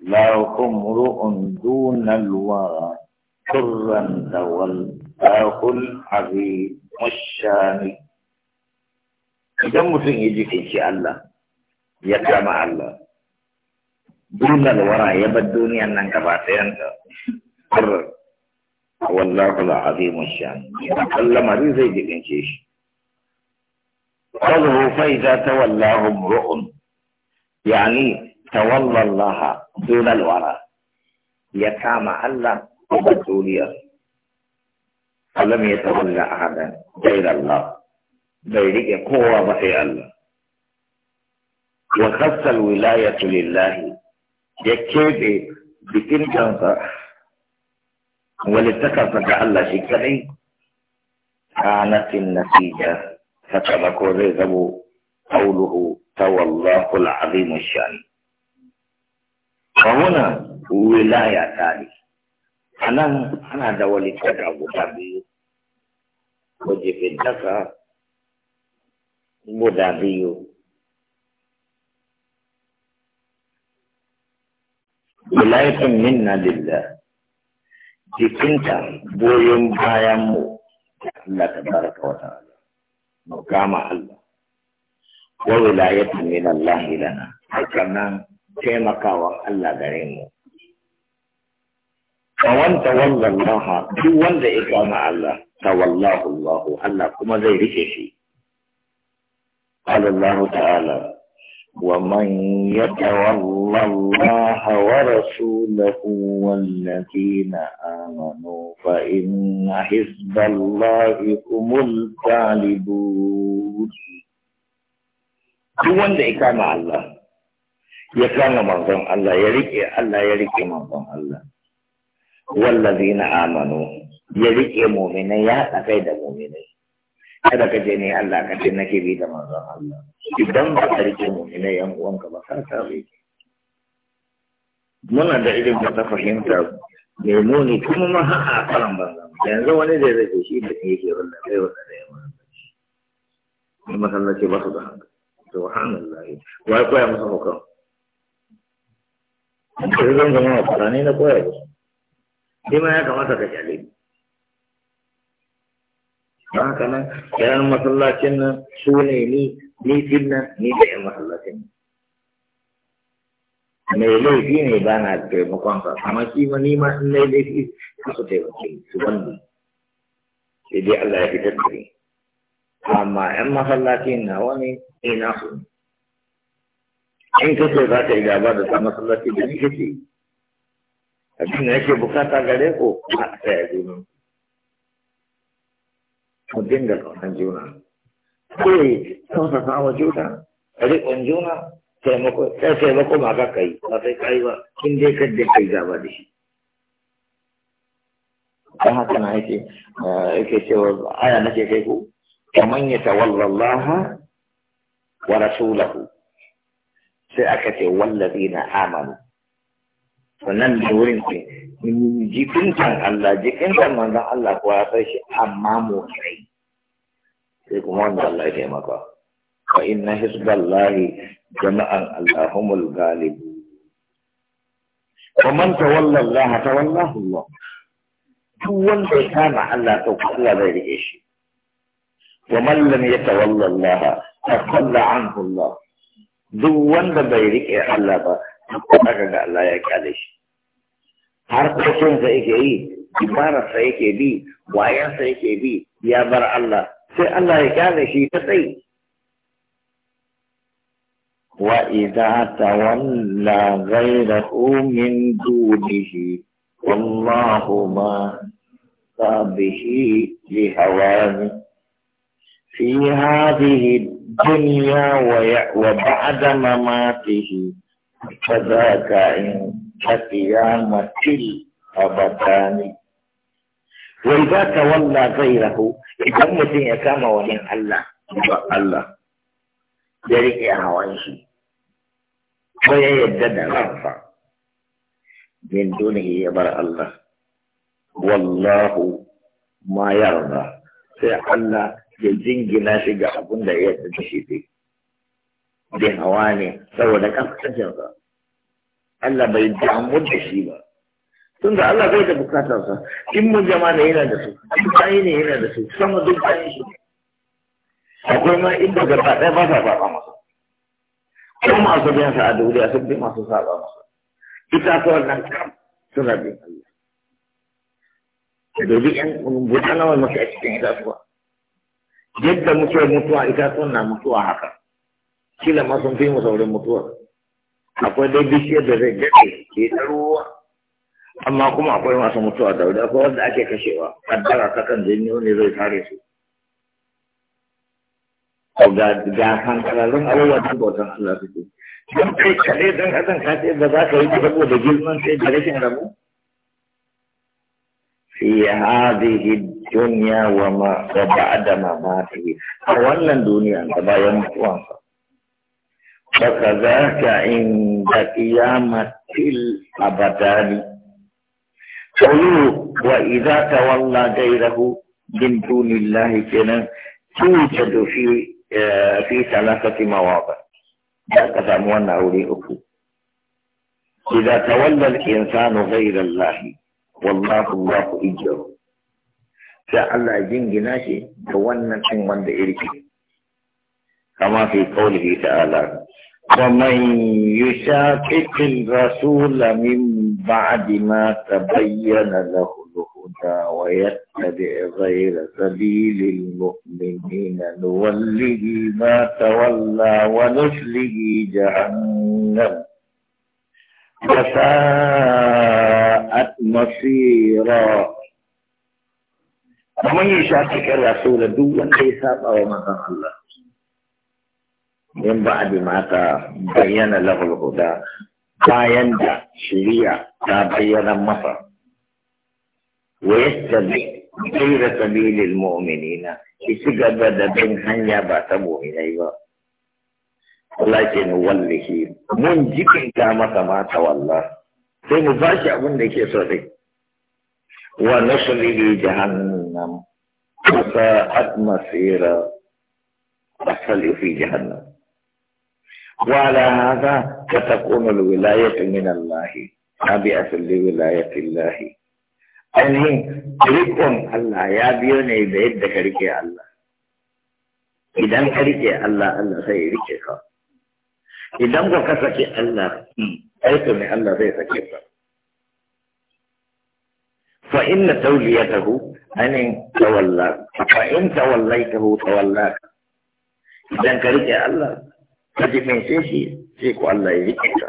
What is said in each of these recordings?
لا قمر دون الورى حرا دول آخ العظيم الشامي إذا مسلم يجيك إن شاء الله يكرم الله دون الورى يبدوني أن أنك حرا شرا والله العظيم الشامي كل ما ريزه يجيك إن شاء الله فإذا تولاهم رؤن يعني تولى الله دون الورى يتامى الله وبتوليه فلم يتولى أحدا غير الله بيرك قوة بحي الله وخص الولاية لله يكيب بكين كنصة ولتكفى الله شكري كانت النتيجة فتبكو ذي قوله الله العظيم الشان فهنا ولايتان أنا أنا دولي كذا وتابي وجه الدكا ودابيو ولاية منا لله jikinta goyon bayan mu Allah ta baraka wa ta'ala mu kama Allah wa wilayatun min Allah lana hakanan taimakawan Allah gare mu kawan tawallan laha duk wanda ya kama Allah tawallahu Allah Allah kuma zai rike shi qala Allah ta'ala wa man yatawalla Allah wa rasulahu wallazina amanu fa inna hizballahi humul ghalibun duk wanda ya kama Allah ya kama manzon Allah ya rike Allah ya rike manzon Allah wallazina amanu ya rike mu'minai ya haɗa kai da mu'minai kada ka je ne Allah ka ce nake bi da manzon Allah idan ba ka rike mu'minai yan uwanka ba ka ta rike muna da irin da ta fahimta mai muni kuma ma har a karan banza yanzu wani da zai shi da yake wanda kai wanda da yawa masallaci ba su da haka subhanallahi wai koya musu hukum da zan zama a na koya da ya kamata ka kyale ta haka nan yaran masallacin ni ni da yan mai laifi ne ba taimakon ka ni ma sai dai Allah ya fitar da ni yan masallacin na wani in ka so za ka yi gaba da sa masallaci da ni kake abin da yake bukata gare ko a tsaya juna mu dinga kaunan juna kawai tausasa wa juna riƙon juna taimako sai taimako ma ka kai ba sai kai ba in dai ka da kai gaba da shi dan haka na yake eh, yake cewa aya nake kai ku kaman ya tawalla wa rasulahu sai aka ce wallazi na amanu sannan da wurin ce jikintan Allah jikintan manzon Allah kuwa ya sai shi amma mu kai sai kuma wanda Allah ya taimaka fa inna hizballahi jama'an allahumul ghalib wa man tawalla Allah tawallahu Allah duk wanda ya kama Allah to Allah zai rike shi wa man lam yatawalla Allah tawalla anhu Allah duk wanda bai riƙe Allah ba haka ga Allah ya kyale shi har kashin sa yake yi ibara sa yake bi wayan sa yake bi ya bar Allah sai Allah ya kyale shi ta tsayi وإذا تولى غيره من دونه والله ما به لهوانه Ti hafi duniya wa ba'adama ma fi ka zaraka in ta siya masiri a Bataani. Wai za ka wallafa Idan mutum ya kama wa ɗan Allah, ya riƙe hawan shi. Ko ya yarda da amfa? Menene ya bar Allah? Wallahu ma ya Sai Allah ya jingina shi ga abin da ya da shi dai bin hawa ne saboda kasancewa Allah bai damu da shi ba tun da Allah bai da bukatarsa in mun jama ne yana da su bayi ne yana da su sama duk bayan shi akwai ma inda gaba ɗaya ba sa saba masa ko masu biyan sa a duniya sun bi masu saba masa ita ko nan kam suna bin Allah da duk yan gudanar masa a cikin itatuwa yadda mutuwar mutuwa ita na mutuwa haka kila ma sun fi mu saurin mutuwa akwai dai bishiyar da zai daɗe ke ɗaruwa amma kuma akwai masu mutuwa da wuri akwai wanda ake kashewa kaddara ta kan janyo ne zai tare su ga ga kankararrun abubuwan da bautan Allah suke don kai kaɗai don kasan ka da za ka yi ta saboda girman sai da rashin rabu في هذه الدنيا وما وبعد مماته أولا دنيا أنت بايا فكذاك عند قيامة الأبدان قلوب وإذا تولى غيره من دون الله كنا توجد في آه، في ثلاثة مواضع ذاك موانا أولي أكو إذا تولى الإنسان غير الله wallahu ya ku ijiyar sai Allah ya jingina shi da wannan cin wanda irki kama fi kawai da ita ala wa man yi shaƙiƙin rasula min ba'adi ma ta bayyana lahu da wa yadda da zaira sabilin mu'minina nuwalligi ma ta walla wa nufligi jahannan ساءت مصيرا ومن الرسول دون حساب او مع الله من بعد ما تبين له الهدى باين دا شريع تبين مصر ويتبع غير سبيل المؤمنين اسجد بدن هنيا باتبو اليه لكن وله من جبت كما تولى sai mu ba shi abin da yake so dai wa nuslihi jahannam sa'at masira asali fi jahannam وعلى هذا فتكون الولاية من الله تابعة لولاية الله أني ركن الله يا بيوني بيد كريك الله إذا كريك الله الله سيريك إذا كسك الله حيث ان ان ذات فان توليته ان تولى فان توليته تولى اذا كريك الله تجي من شيء شيء فيك الله يجيك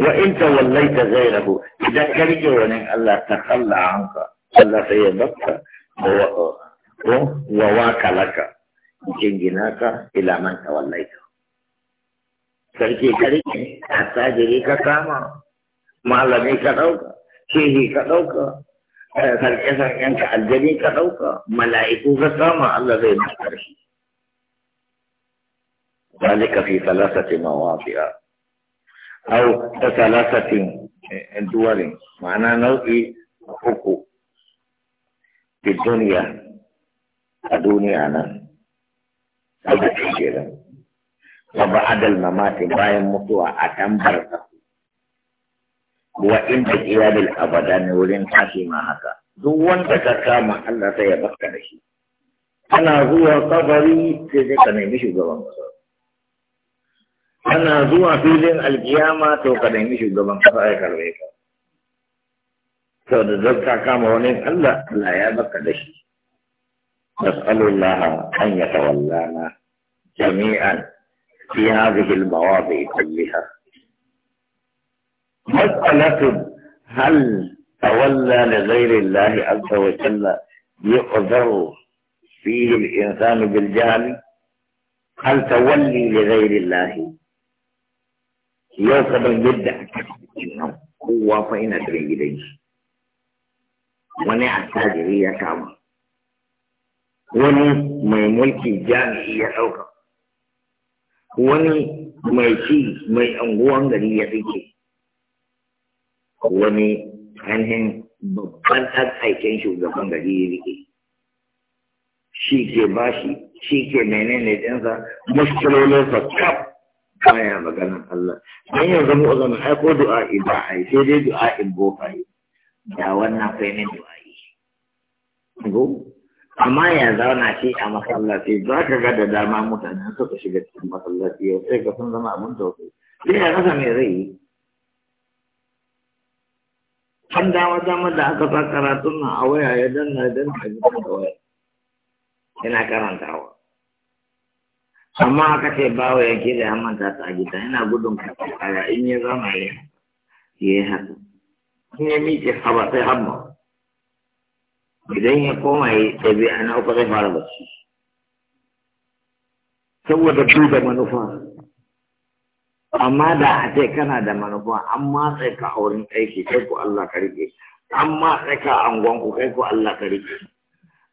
وان توليت غيره اذا كريك وان الله تخلى عنك الله سيبقى وواك لك جنجناك الى من توليته sarki ka rike attajiri ka kama malami ka ɗauka shehi ka ɗauka sarki eh, sarken ka aljani ka ɗauka mala'iku ka kama Allah zai na ƙarfi ذلك في ثلاثة مواضع ta talasatin دول eh, ma'ana nau'i uku. في a duniya أنا هذا وبعد الممات باين مطوع أتنبر وإن بقيام الأبدان ولن تاشي ما هكا دون تكاكا محل سيبقى لشي أنا هو قبري تزكني مش جوان مصر ana zuwa filin alkiyama to ka nemi shugaban kasa ya karbe ka to da zan ka kama wani Allah Allah ya baka da shi nas'alullah an yatawallana jami'an في هذه المواضع كلها مسألة هل تولى لغير الله عز وجل يقدر فيه الإنسان بالجهل هل تولي لغير الله يوصل الجدة هو فإن أدري إليه a tajiri ya kama wani mai mulki jami'i ya wani mai ci mai anguwan gari ya rike wani hannun babban aikin shugaban gari ya rike shi ke bashi shi ke menene ɗinsa mushkilolinsa kaf baya maganan Allah don yanzu zama ai haiko du'a ba yi sai dai du'a in yi da wannan kai ne du'a amma ya zauna shi a masallaci za ka ga da dama mutane suka shiga cikin masallaci yau sai ka sun zama abin tausayi sai ya kasa me zai yi An dawa dama da aka sa karatun na a waya ya danna danna a jikin da waya yana karantawa amma aka ce bawa yake da ya manta ta a gida yana gudun kaya in ya zama ya yi haka in ya miƙe haba sai hamma idan ya koma ya bi a uku zai fara su saboda duba manufa amma da a ce kana da manufa an matsa ka a wurin aiki kai ku Allah ka rike Amma matsa ka a angon ku kai ku Allah ka rike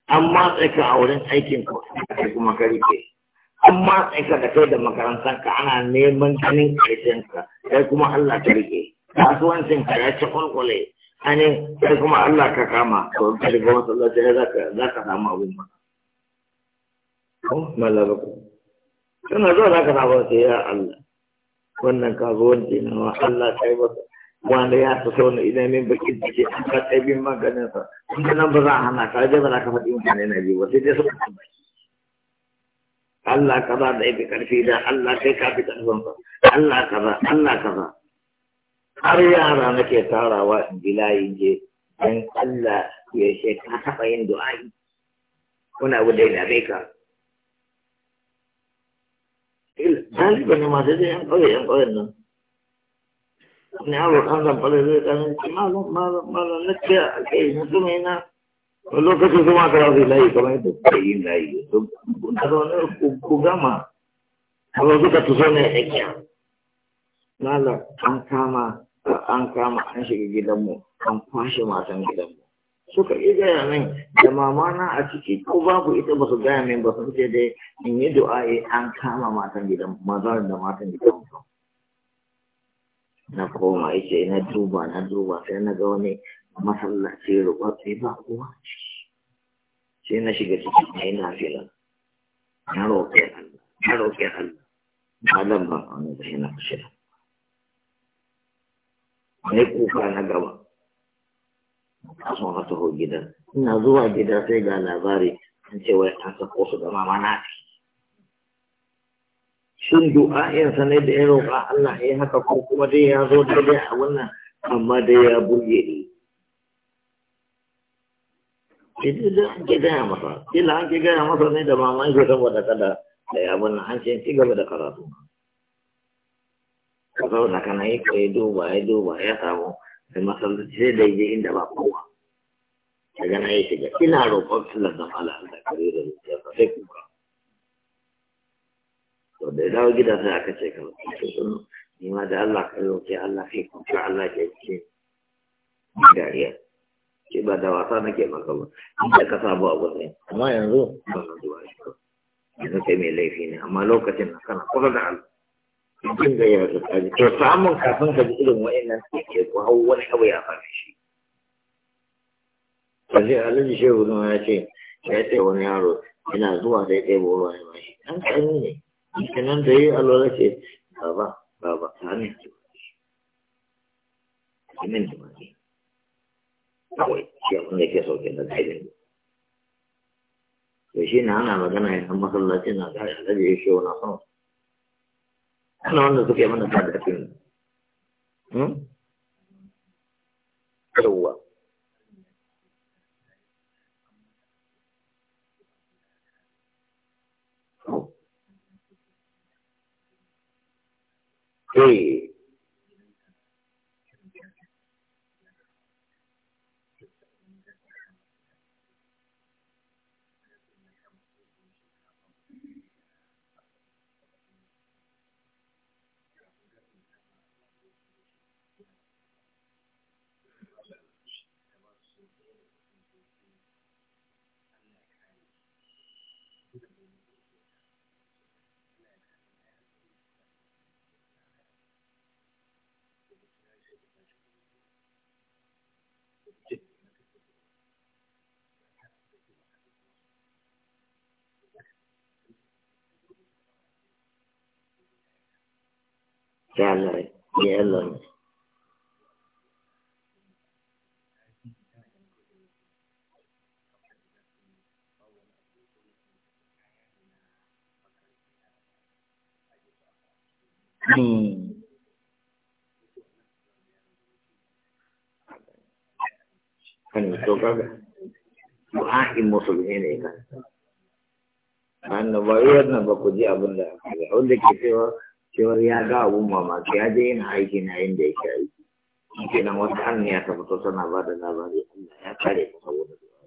an matsa ka a wurin aikin ku kai kuma ka rike an matsa ka da kai da makarantar ka ana neman ganin aikin ka kai kuma Allah ka rike kasuwancin ka ya ci kwalkwale ane sai kuma Allah ka kama to ka shiga masallaci ne za ka samu abin ba ko malaba ku kana zo za ka samu sai ya Allah wannan ka zo wanda ina wa Allah kai ba wanda ya ta so ne idan min baki jike an ka tsaye bin maganin sa in nan ba za a hana ka je ba za ka faɗi mutane na biyu ba sai dai su ka Allah ka kaza da ibi karfi da Allah kai ka fi karfin Allah ka kaza Allah ka kaza har yara nake tarawa in ji layin je don Allah ya ce ka taɓa yin du'a'i wani abu da ka ne masu zai yan ƙauye yan ƙauyen nan zai malam malam malam na a kai mutumai na wani ma kara layi kamar yadda kuka yi layi kun zaune ku gama suka tuso ne ya ɗakiya malam an kama an kama an shiga gidanmu an kwashe matan gidanmu suka yi gaya min da mama na a ciki ko babu ita ba su gaya min ba su ce dai in yi du'a'i an kama matan gidan mazan da matan gidan na koma yace na duba na duba sai na ga wani masallaci rubatsi ba kuwa sai na shiga ciki na yi nafila na roƙe Allah na roƙe Allah malam ban wani da shi na kushira mai kuka na gaba a sun gida ina zuwa gida sai ga labari an ce wai an sako su da mama na shin du'a'insa sanai da ya roƙa Allah ya haka ko kuma dai ya zo daidai a wannan amma dai ya buge ni idan an ke gaya masa kila an ke gaya masa ne da mama ya saboda kada da ya abin an ce ci gaba da karatu ka zauna kana yi ka yi duba ya duba ya samu da masallaci sai da yi inda ba kowa ka gana ya shiga ina roƙon su lantar ala Allah kare da zuciya ka sai kuka to da ya dawo gida sai aka ce ka sun ni ma da Allah ka roƙe Allah fi kuka Allah ke ce dariya ke ba da wasa nake maka ba inda ka samu abu ne amma yanzu ba na zuwa shi yanzu kai mai laifi ne amma lokacin na kana kusa da Allah mutum da ya rika to samun kafin ka ji irin wa'annan suke ko hau wani abu ya faru shi sai alhaji shehu ya ce ya ce wani yaro yana zuwa da ya ɗebo ne ya shi. Dan ƙarni ne nan da yi alwala ce baba baba amin amin da mani kawai shi abin da ke sauke da gaibin to shi na ana magana yanzu masallacin na ga alhaji shehu na sama ana wanda suke mana da cikin hmm? yawwa eh sai Allah ya Allah ne kan to kaga du'a'in musulmi ne kan annabawa na ji abin da wanda cewa cewar ya ga abun mamaki ya je yana aiki na yadda yake aiki shi nan wata hanya ta fito tana ba da labari Allah ya kare ta saboda zuwa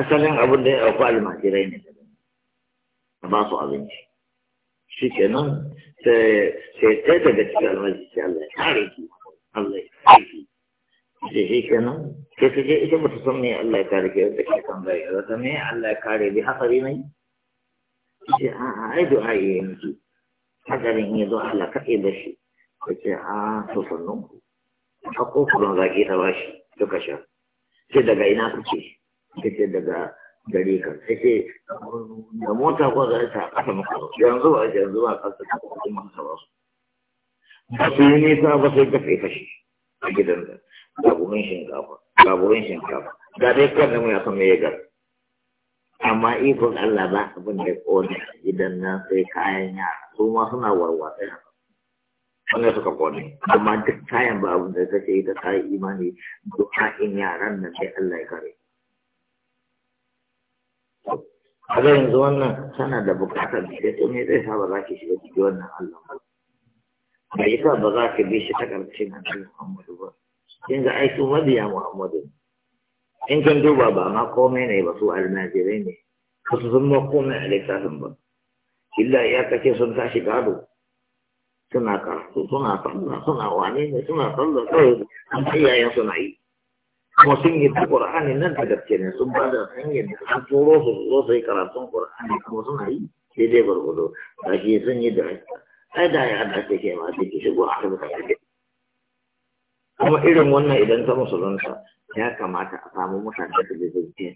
asalin abin da ya auku almajirai ne da ba su abinci shi ke nan sai ta ga cikin almajiri Allah ya kare ki Allah ya kare ki shi ke nan ke ta je ita mutu san me Allah ya kare ki yadda ke kan bai ta me Allah ya kare bi hasari ne a a ai du'a yi yanzu hadarin ya zo Allah kaɗai da shi ka ce a to sannan ku a kofurin zaƙi ta bashi duka sha sai daga ina kuke ce daga gari ka sai ce da mota ko za ta ƙasa muka yanzu ba yanzu ba ƙasa ta kuma masa ba su ba su yi nisa ba sai ka kai fashi a gidan da gaburin shinkafa gaburin shinkafa ga dai kan da mu ya san me ya gara amma ikon Allah ba abin da kone idan na sai kayan yara su ma suna warwatsa yara wanda suka kone amma duk kayan ba abin da kace ita yi imani du'a'in yaran nan sai Allah ya kare kaga yanzu wannan tana da bukatar da ita ne zai sa ba za ki shiga cikin wannan Allah ba ba yasa ba za ki bi shi ta ƙarshen Allah Muhammadu ba yanzu ai su mabiya Muhammadu ne in kan duba ba ma komai ne ba su almajirai ne ba su sun ma komai a littafin ba illa ya kake sun tashi gado suna karatu suna sallah suna wane ne suna sallah kawai an iyayen suna yi kuma sun yi ta qur'ani nan da gaske ne sun ba da hanyar da an turo su zo su yi karatun qur'ani kuma suna yi daidai gwargwado ga shi sun yi da ai da ya dace ke ma take shigo a kan kuma irin wannan idan ta musulunta ya kamata a samu mutane da lizince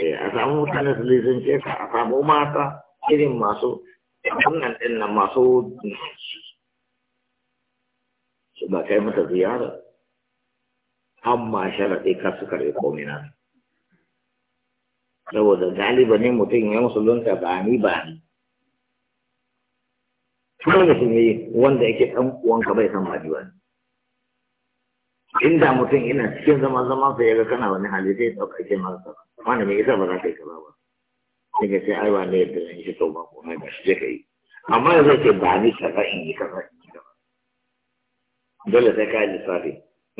eh, a samu mutane da lizince ka a samu mata irin masu wannan ɗin na masu su ba kai mata ziyara amma sharaɗe ka su karɓi komina saboda galiba ne mutum ya musulunta ba ni ba ni kuma shi ne wanda yake ɗan uwanka bai san ba ni ba ni inda mutum ina cikin zama zaman sa yaga kana wani hali zai dauka ke masa wanda mai isa ba za ka yi kaza ba sai ka ce ai ba ne yadda zan yi to ba ko mai ba shi je ka yi amma yanzu ke ba ni kaza in yi kaza in yi kaza dole sai ka yi lissafi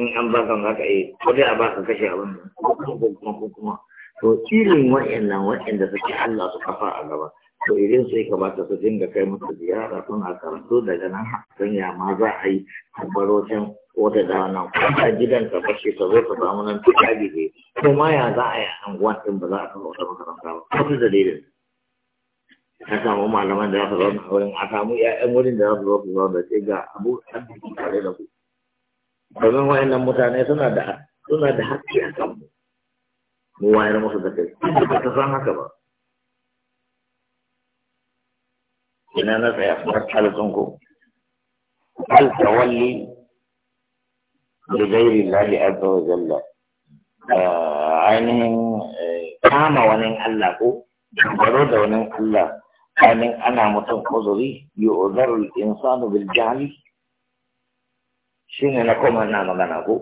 in an ba ka za yi ko dai a ba ka kashe abin nan ko kuma ko kuma ko kuma to irin wa'annan wa'anda suke Allah su kafa a gaba to irin ka ba ta su dinga kai musu ziyara suna karatu daga nan hakan ya ma za a yi tabbaro can ko da nan a gidan ka bashi ka zo ka samu nan tuka gide ko ma ya za a yi anguwan din ba za a kafa wata makaranta ba da dalilin ka samu malaman da za su zauna wurin a samu 'ya'yan wurin da za su zo su zauna sai ga abu arziki tare da ku domin wa'annan mutane suna da suna da haƙƙi a kanmu mu wayar musu da kai ba ta san haka ba ina na tsaya barkalitun ku hal tawalli da gairi lahi azza wa jalla eh, ainihin eh, kama wani Allah ko dogaro da wani Allah ainihin ana mutum uzuri yi uzaru insanu bil jahili shine na koma na magana ko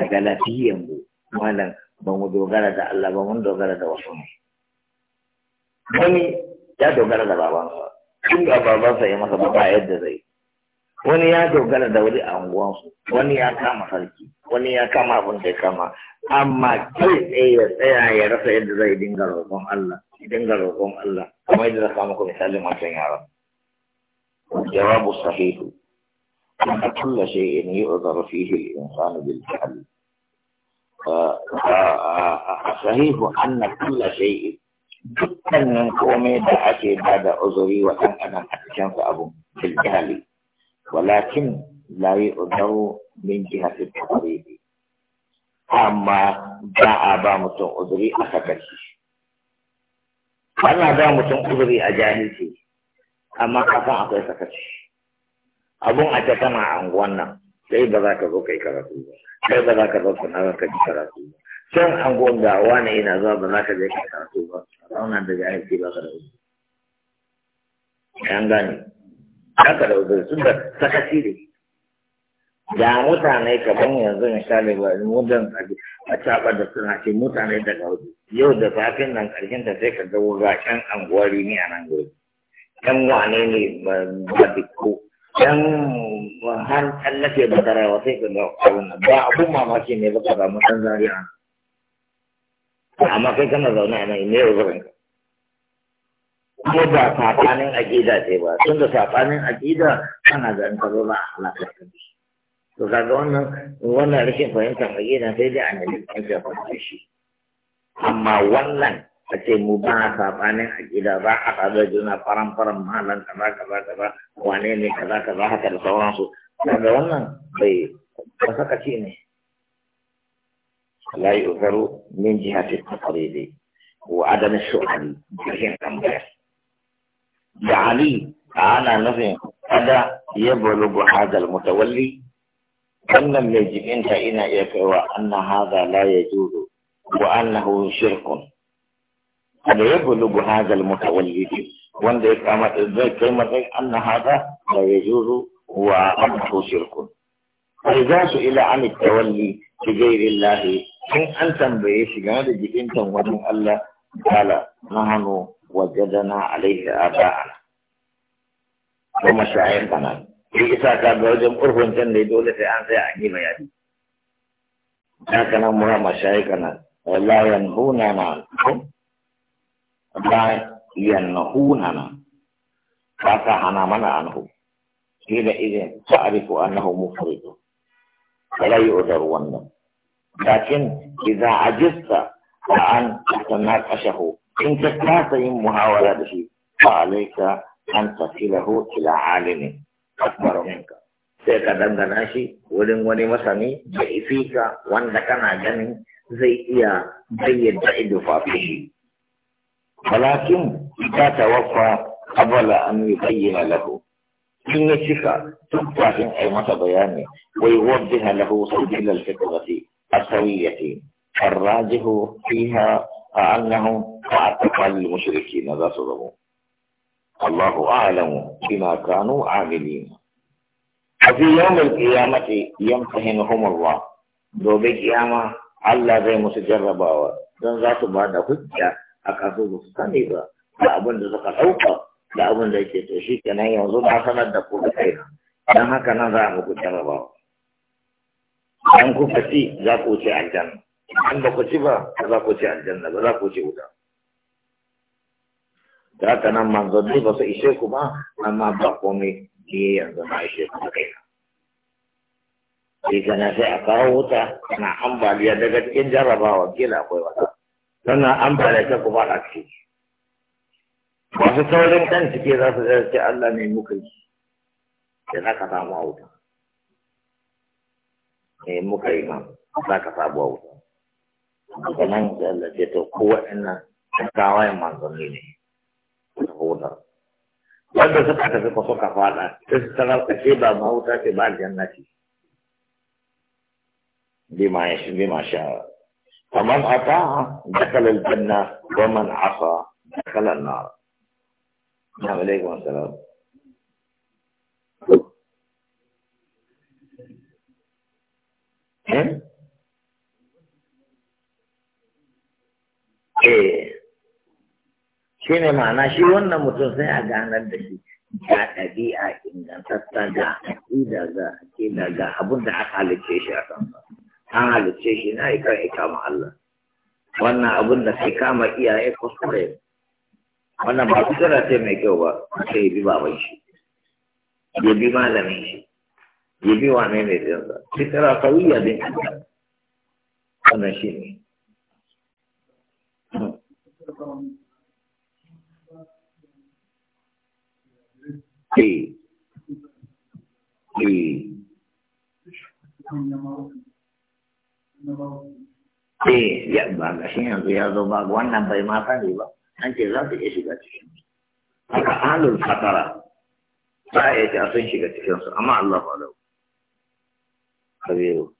a galatiyan mu malam ba mu dogara da Allah ba mu dogara da wasu ne wani ya dogara da babansa in ga babansa ya masa ba yadda zai wani ya dogara da wuri a unguwansu wani ya kama sarki wani ya kama abin da ya kama amma kai tsaye ya tsaya ya rasa yadda zai dinga roƙon Allah dinga roƙon Allah kamar yadda na kama ku misalin matan yara jawabu sahihu أن كل شيء يعذر فيه الإنسان بالجهل صحيح أن كل شيء dukkanin komai da ake bada da uzuri wa ɗan adam a cikin abu bil jahali walakin la yu'daru min jihati tawhid amma ba a ba mutum uzuri a sakaci ana ba mutum uzuri a jahilci amma kafin akwai sakaci abun a ta kana a unguwan nan sai ba za ka zo kai karatu ba sai ba za ka zo sana'ar ka ji karatu ba can an gonga wani ina zuwa ba za ka je ka karatu ba zauna daga aiki ba ka da uzuri an gane haka da uzuri sun da sakaci da mutane ban yanzu misali ba mudan a caba da suna ce mutane daga wuce yau da safin nan karshen ta sai ka ga an gwari ne a nan gurin yan wane ne ba dikko yan har tsallake ba tarawa sai ka ga abun ba abin mamaki ne ba ka ba mutan zariya amma kai kana zaune a nan ne ya zurin ka kuma ba safanin aƙida ce ba tun da safanin aƙida ana ga in ka zo ba halakar ka bi to kaga wannan wannan rashin fahimtar aƙida sai dai a yi fahimtar fahimtar shi amma wannan a ce mu ba safanin aƙida za a haɗa juna faran faran malan kaza kaza kaza wane ne kaza kaza haka da sauransu daga wannan bai kasakaci ne لا يؤثر من جهة التقليد وعدم السؤال جهة الأمر لعلي على نفسه قد يبلغ هذا المتولي أن أنت فإن يكوى أن هذا لا يجوز وأنه شرك قد يبلغ هذا المتولي وأن كلمة أن هذا لا يجوز وأنه شرك فإذا سئل عن التولي بغير الله in an tambaye shi game da jikin wajen Allah kala nahanu wajadana alaihi aba'ana ko mashayin kana shi isa ka ga wajen urfin can ne dole sai an sai a yi bayani haka nan mura mashayi kana la yanhuna na la yanhuna na ba ka hana mana anhu shi da idan ta'rifu annahu mufrid wala yu'dar wannan لكن إذا عجزت عن تناقشه إن كنت محاولة به فعليك أن تصله إلى عالم أكبر منك سيكا دنگناشي ولن ولي مسامي جئي فيك وان لكنا جنن زي إيا بيد جئد فافيه ولكن إذا توفى قبل أن يبين له إن يشيك تبتاكين أي مسا بياني ويوضح له سبيل الفطرة الثرية فالراجح فيها أنه أعتق المشركين ذا الله أعلم بما كانوا عاملين ففي يوم القيامة يمتهنهم الله دو بقيامة الله ذي مسجربا دن ذات بعد حجة أكاسو مستنبا لا ذاك حوقا لا ذاك تشيك نعي وزن عصنا الدقوة خيرا لها كان ذاك مسجربا an kuka ci za ku wuce aljanna an ba ku ci ba za ku wuce aljanna ba za ku wuce wuta da haka nan manzanni ba su ishe ku ba amma ba komai ne yanzu na ishe ku kai na sai kana sai a kawo wuta na ambaliya daga cikin jarrabawa kila akwai wata sannan ambaliya ta kuma a ciki masu saurin kan cike za su zai Allah ne muka yi da za ka samu a wuta eh muka yi ma za ka sabuwa wuta daga nan da Allah ce to ko waɗannan kawayen manzanni ne ta hutar wanda suka tafi ko suka faɗa ta su tarar ce ba mahauta ce ba jannati a ya shi bima sha فمن أطاع دخل الجنة asa عصى دخل النار السلام عليكم السلام Eh? Eh. Shi ne ma'ana shi wannan mutum sai a ganar da shi ga ɗabi'a ingantatta ga aƙida ga aƙida ga abin da aka halicce shi a kansa. An halicce shi na kan kama Allah. Wannan abin da kai kama iyaye kuskure. Wannan ba kuskure ce mai kyau ba, sai bi baban shi. Ya bi malamin shi. ya bi wane wannan shi ne eh. Eh. Eh, ya ba shi yanzu ya zo ba wannan bai ba, za su iya shiga cikin. Haka ahalul fatara, za a shiga amma Allah kaberu